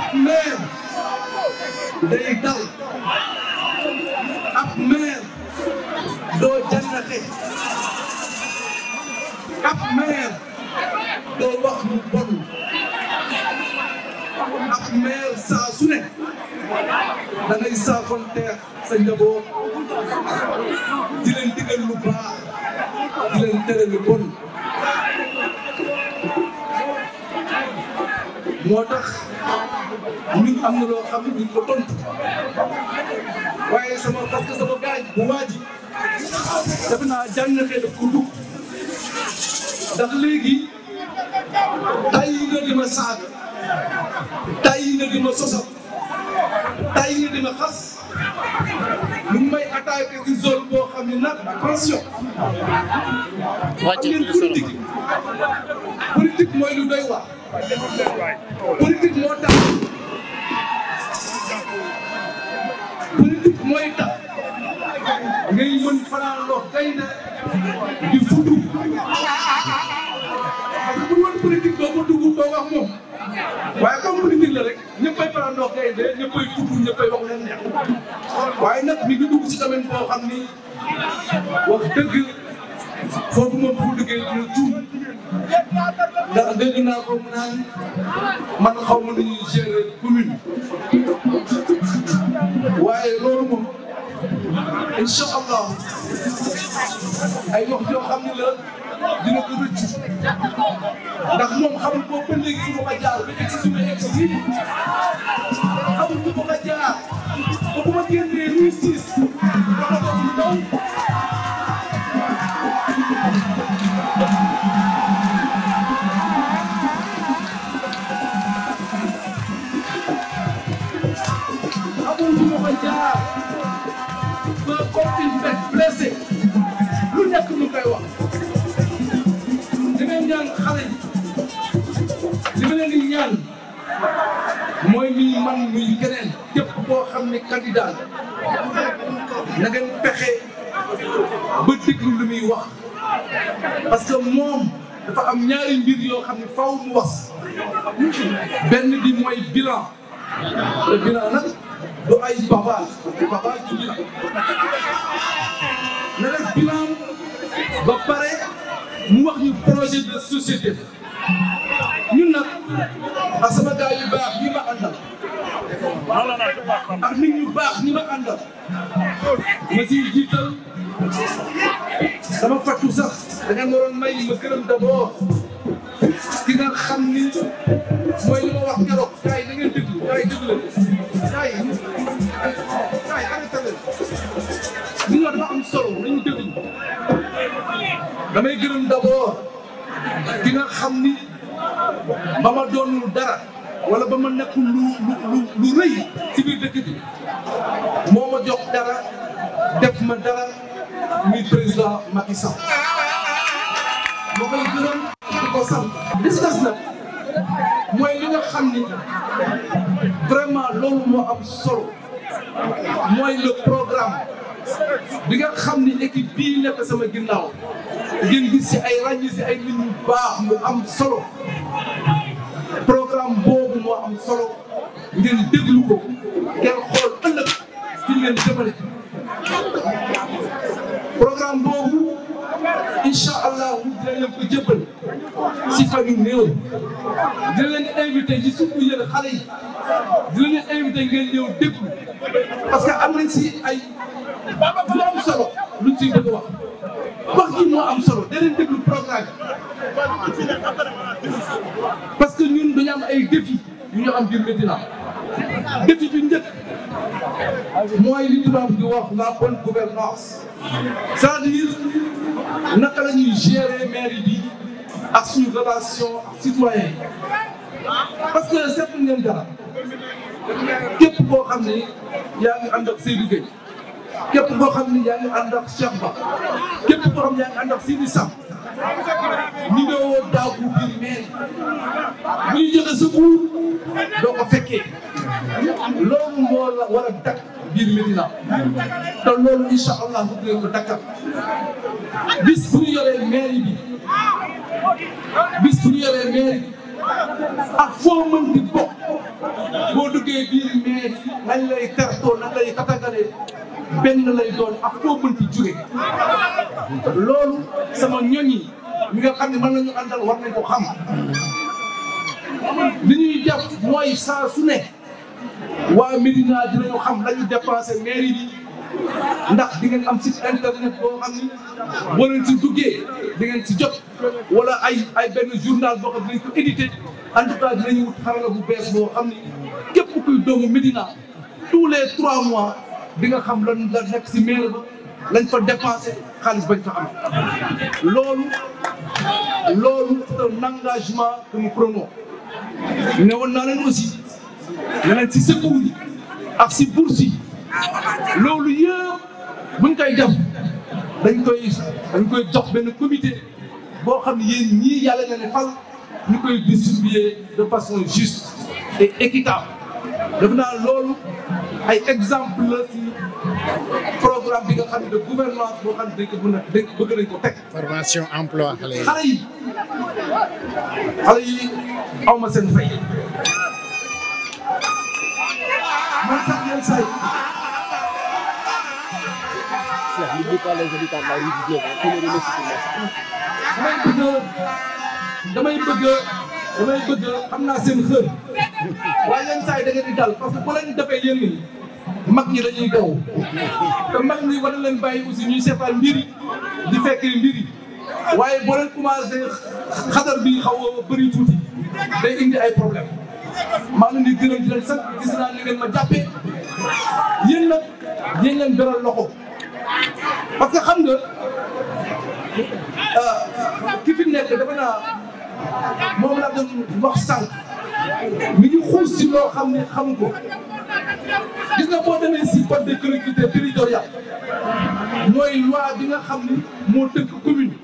ab maire day dal ab maire doo jannate ab maire doo wax lu bon ab maire saa su ne da ngay saafonteex sa njaboot di leen digal lu baax di leen tere lu bon moo tax ñun am na loo xam ne duñ ko tontu waaye sama waa ji def naa jànnatee daf ko dugg léegi tàyyi na di ma saaga tàyyi na di ma sosal tàyyi na di ma xas mu ngi may attaqué ci zone boo xam ne nag attention. di fudu parce que bu ñu woon ko dugg doo wax moom waaye comme politique la rek ñëppay parandoo kay de ñëppay tudd ñëppay wax leen neex waaye nag mi ngi dugg si domaine boo xam ni wax dëgg foofu moom fu duggee dina tuut ndax dégg naa ko mu naan man xaw ma nu ñuy gérer commune waaye moom. incha allah ay wax yoo xam ne la dina ko rëcc ndax moom xamul boobu ba léegi fu ma jaar ba egg si ma egg si man muy keneen képp xam ne candidat la na ngeen fexe ba déglu lu muy wax parce que moom dafa am ñaari mbir yoo xam ne faw mu wax benn bi mooy bilan bilan nag du ay babage babage du mu wax ñu nag asama gars ak nit ñu baax ñi ma àndal ma siy jiital dama fàttu sax da ngeen waroon may ma gërëm d'abord ki nga xam ni mooy li ma wax keroog gars yi da ngeen déglu gars yi déglu leen gars yi gars yi arrêté leen li nga dafa am solo gërëm d'abord ki nga xam ni ba ma doonul dara wala ba ma nekk lu rëy ci biir moo ma jox dara def ma dara muy président Macky Sall moo koy gërëm di ko sant li si des li nga xam ni vraiment loolu moo am solo mooy le programme bi nga xam ni équipe bii nekk sama ginnaaw ngeen gis si ay ràññi si ay nit baax mu am solo solo ngeen déglu ko ngeen xool ëllëg fi ngeen jëmale programme boobu incha allah dina leen ko jëppal si fan yu néew dina leen invité ci surtout yéen xale yi dina leen ngeen ñëw déglu parce que am nañ si ay lu am solo luñ siy bëgg wax am solo danañ parce que ñu dañu am ay défi yu ñu am biir Médina défi bi njëkk mooy li tubaab di wax la bonne gouvernance c'est-à-dire naka la ñuy gérer ak suñu relation citoyen parce que seetlu ngeen dara képp koo xam ne yaa ngi ànd ak Seydou Gueye képp koo xam ne yaa ngi ànd ak Cheikh Ba képp koo xam ne yaa ngi ànd ak Sidi Sam ñu ne woo daaw bu biir mairie bu ñu joxe secours doo ko fekkee loolu biir Médina yoree mairie bi ak foo mën di bokk boo duggee biir mais nañ lay tertoo nañ lay katagalee benn lay doon ak foo mën di jure loolu sama ñoñi mi nga xam ne mën nañu àndal war nañ ko xam li ñuy def mooy saa su ne waa Médina dinañu xam la ñu dépensé mairie ndax di ngeen am site internet boo xam ni boo leen si duggee di ngeen si jot wala ay ay benn journal boo xam ne dinañ ko édité en wut xarala bu bees boo xam ni képp kuy doomu Médina tous les trois mois di nga xam lan la nekk si mairie lañ fa dépensé xaalis bañ fa am loolu loolu c'est un engagement que ne woon naa leen aussi ne leen si secours ak si bourse yi loolu yëpp buñ koy def dañ koy dañ koy jox benn comité boo xam ne ñii yàlla na ne fal ñu koy distribuer de façon juste et équitable def naa loolu ay exemple la si programme bi nga xam ne de gouvernance boo xam ne dañ ko mën a dañ ko teg. formation emploi xale yi xale yi awma yi aw ma seen fay clair. N'oublie pas les habitants de la rue 19 hein, qui xam naa seen xër waaye yenn saa yi da ngeen parce que bu defee yéen ñi mag ñi dañuy daw te mag ñi war na leen bàyyi aussi ñuy seetaan mbir yi di fekk mbir yi waaye boo leen commencé xadar bi xaw a bëri tuuti day indi ay problème maa ngi leen di gërëm di leen sant gis naa ni ngeen ma jàppee yéen nag yéen leen beral loxo. parce que xam nga euh, ki fi nekk dafa naa moom laa doon wax sànq mi ngi xuus si loo xam ne xam ko gis nga boo demee si code des collectivités nga xam ni moo tënk commune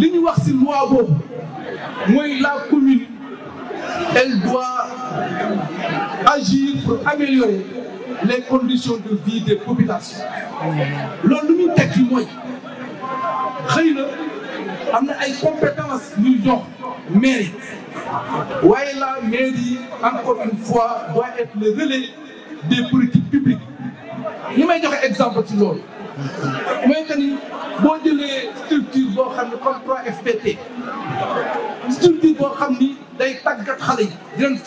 li ñu wax si loi boobu mooy la commune elle doit agir pour les conditions de vie des populations loolu lu muy tekki mooy xëy na am na ay compétences ñu jox mairie waaye la mairie encore une fois doit être le relais des politiques publiques li may joxe exemple ci loolu mooy que ni boo jëlee structure boo xam ne comme 3FPT structure boo xam ni day tàggat xale yi di leen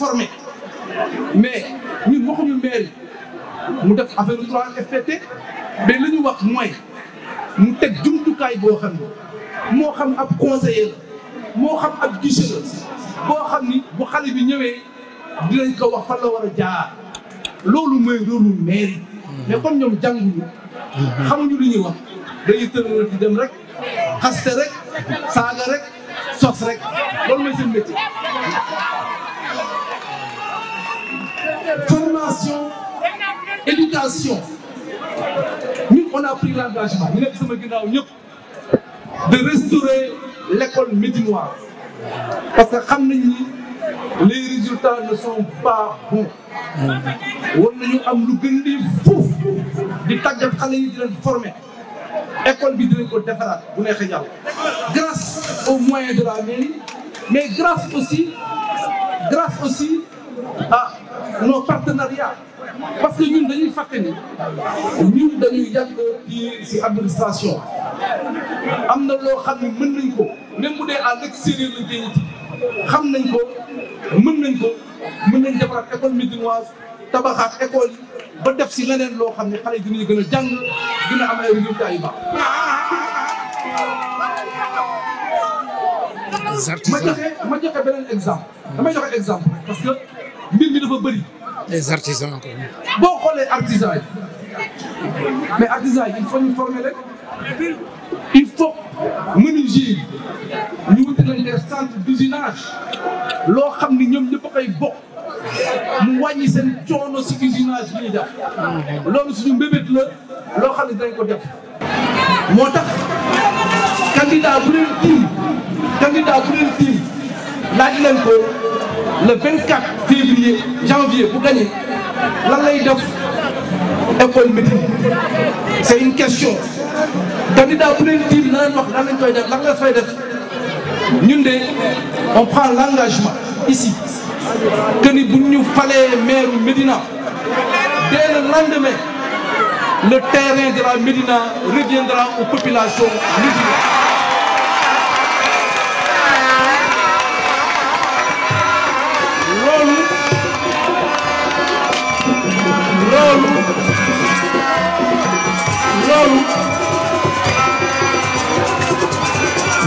mais ni waxuñu mairie mu def affaire 3FPT mais li ñu wax mooy mu teg jumtukaay boo xam ni moo xam ab conseiller la moo xam ab guichet boo xam ni bu xale bi ñëwee dinañ ko wax fan la war a jaar loolu mooy rôle mairie mais comme ñoom jànguñu xamuñu lu ñuy wax dañuy tëral di dem rek xaste rek saaga rek sos rek loolu mooy seen métier éducation ñun on a pris l'engagement ñu nekk sama ginnaaw ñëpp de restaurer l'école médinoise parce que xam nañ ni les résultats ne sont pas bons war nañu am lu gën di fuuf di tàggat former école bi dinañ ko bu neexee yàlla grâce aux moyens de la mairie mais grâce aussi ah nos partenariats parce que ñun dañuy fàtte ni ñun dañuy yàgg ci ci administration am na loo xam ne mën nañ ko même bu dee à l'extérieur lañ koy wuti xam nañ ko mën nañ ko mën nañ defaraat école médinoise tabaxaat école yi ba def si leneen loo xam ne xale yi dinañu gën a jàng dina am ay résultats yu baax. ma joxe ma joxe beneen exemple damay joxe exemple mbir mi dafa bëri. les artisans encore. boo xoolee artisans yi mais artisans yi il faut ñu former rek il faut menuisier yi des centres loo xam ni ñoom ñëpp a koy bokk mu wàññi seen coono si usinage bi ñuy def loolu suñu mbébét la loo xam ne dañ ko def moo tax candidat bu leen tiim candidat bu leen tiim laaj leen ko. le 24 février janvier bu gagné lan lay def école Médine c'est une question candidat bu leen diir na leen wax lan lañ koy def lan la fay def ñun de on prend l'engagement ici que bu ñu falee maire Médina dès le lendemain le terrain de la Médina reviendra aux populations médinaises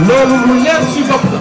loolu lu leer ci bopp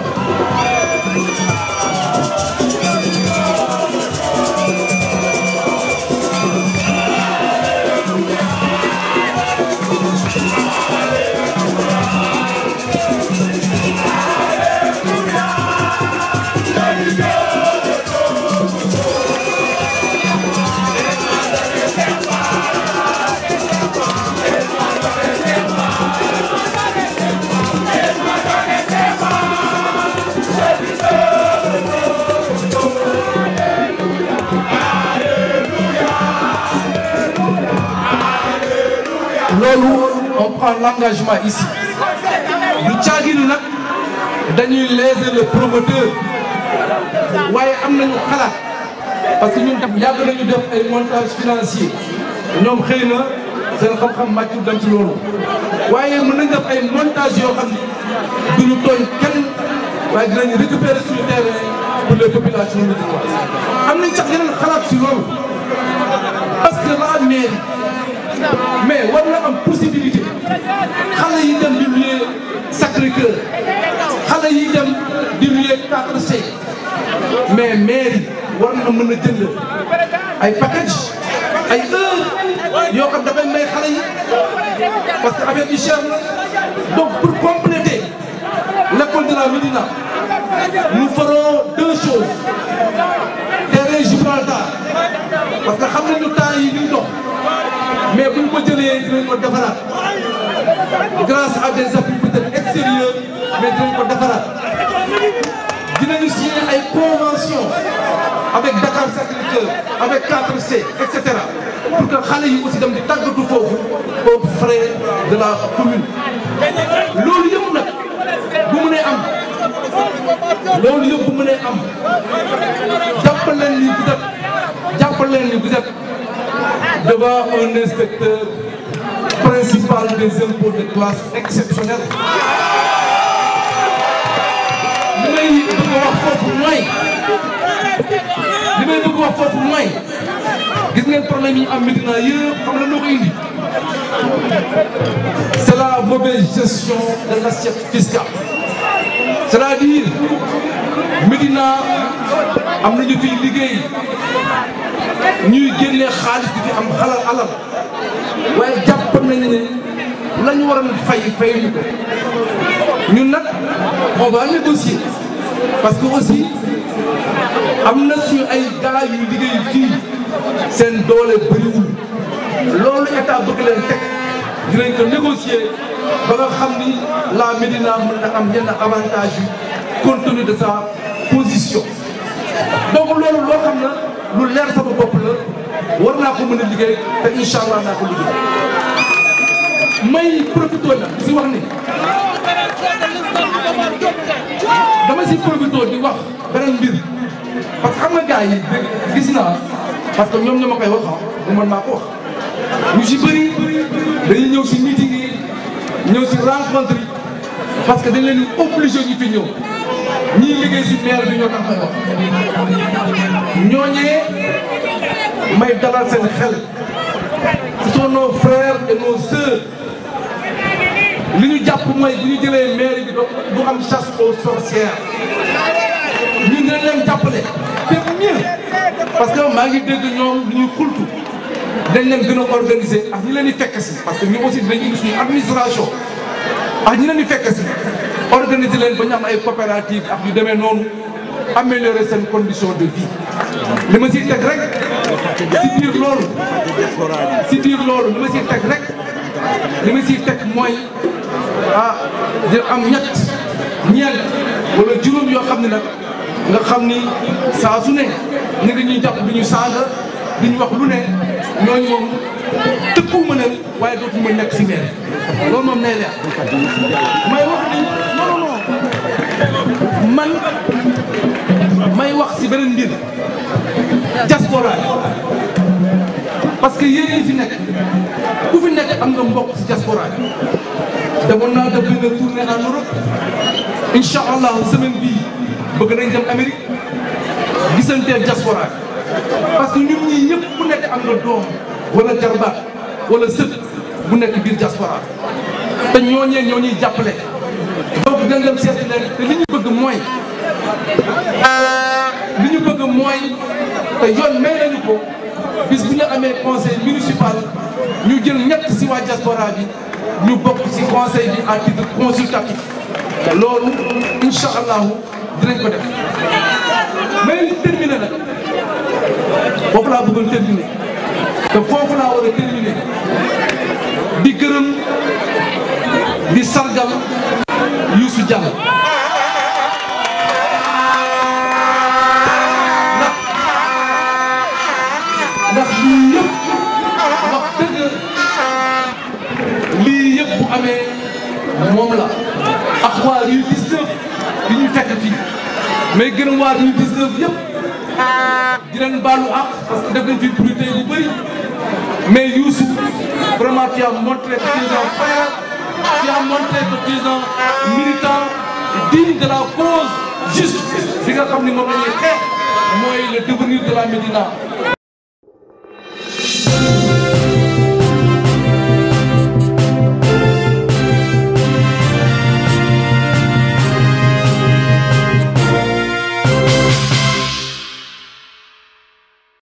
l'engagement ici du caagin nag dañuy léser le promoteur waaye am nañu xalaat parce que ñun tam yàgg nañu def ay montage financier ñoom xëy na seen xam-xam màccul dem waaye mën nañ def ay montage yoo xam ni duñu tooñ kenn waaye dinañu récupérer suñu terrain pour les populations médinoises am nañ sax yeneen xalaat si loolu parce que la mais war na am possibilité xale yi dem di nuyee Sacré Cœur xale yi dem di nuyee Quatre C mais mairie war na mën a jënd ay package ay heure yoo xam dafay may xale yi parce que affaire bi cher la donc pour compléter l'école de la Médina nous ferons deux choses terrain Gibraltar parce que xam nañu temps yi ñuy dox mais buñ ko jëlee dinañ ko defaraat. grâce à des appuis peut-être extérieurs mais dinañ ko defaraat ay convention avec Dakar Sacré-Cœur avec 4C et cetera pour que xale yi aussi dem di tàggatu foofu aux frais de la commune loolu yëpp nag bu mënee am loolu yëpp bu mënee am jàpp leen ni vous êtes jàpp leen ni un inspecteur. principal des impôts de classe exceptionnelle li may bëgg a wax li may bëgg a wax gis ngeen problème am Médina yëpp xam la indi c'est la gestion de l'assiette fiscale c'est-à-dire Médina am nañu fiy liggéey ñuy génne xaalis di fi am xalal alal xam nañu ne la ñu waroon fay fayuñu ko ñun nag on va parce que aussi am na suñu ay gars yu liggéey fii seen doole bëriwul loolu état bëgg leen teg dinañ ko négocier ba nga xam ni la Médina mën na am yenn avantage yu compte de sa position donc loolu loo xam na lu leer sama bopp la war naa ko mën a liggéey te incha allah naa ko liggéey may profité la si wax ni dama si profité di wax beneen mbir parce que xam nga gars gis naa parce que ñoom ñoo ma koy wax ah man maa ko wax. ñu si bëri dañuy ñëw si meeting yi ñëw si rencontre yi parce que dañ leen di obligé ñu fi ñëw ñii liggéey si maire bi ñoo tax may wax ñooñee may dalal seen xel ce sont nos frères et li ñu jàpp mooy bu ñu jëlee mairie bi du am chasse aux sorcières ñun dinañ leen jàppale te mieux parce que maa ngi dégg ñoom lu ñu xultu dañ leen gën a organiser ak ñi leen di fekk si parce que ñu aussi dinañ indi suñu administration ak ñu leen di fekk si leen ba ñu am ay coopérative ak yu demee noonu améliorer seen condition de vie li ma si teg rek si biir loolu si biir loolu li ma siy teg rek li ma siy teg mooy ah di am ñett ñeent wala juróom yoo xam ne nag nga xam ni saa su ne ñu ngi ñuy jàpp duñu saaga duñu wax lu ne ñooñu moom tëkku ma leen waaye dootu ma nekk si maire loolu moom nay leer may wax ni non man may wax si beneen mbir diaspora parce que yéen ñi fi nekk ku fi nekk am nga mbokk si diaspora demoon naa def benn tournée en Europe incha allah semaine bii bëgg nañ dem Amérique gisanteel diaspora parce que ñun ñii ñëpp bu nekk am na doom wala jarbaat wala sët bu nekk biir diaspora te ñooñee ñoo ñuy jàppale. donc dinañ dem leen te li ñu bëgg mooy li ñu bëgg mooy te yoon may nañu ko bis bu ñu amee conseil municipal ñu jël ñett si waa diaspora bi. ñu bokk ci conseil bi à titre consultatif loolu incha allahu dinañ ko def mais terminer nag foofu laa bëggoon terminer te foofu laa war a terminer di gërëm sargal Youssou Diallo moom la ak waa rue 19 bi ñu fekk fi mais gërëm waa rue 19 yëpp di leen baalu ak parce que def fi bruit yu bëri mais Youssou vraiment tu as montré que tu es un frère tu as montré que tu es un militant digne de la cause juste nga xam ni moo la ñuy xeex mooy le devenir de la Médina.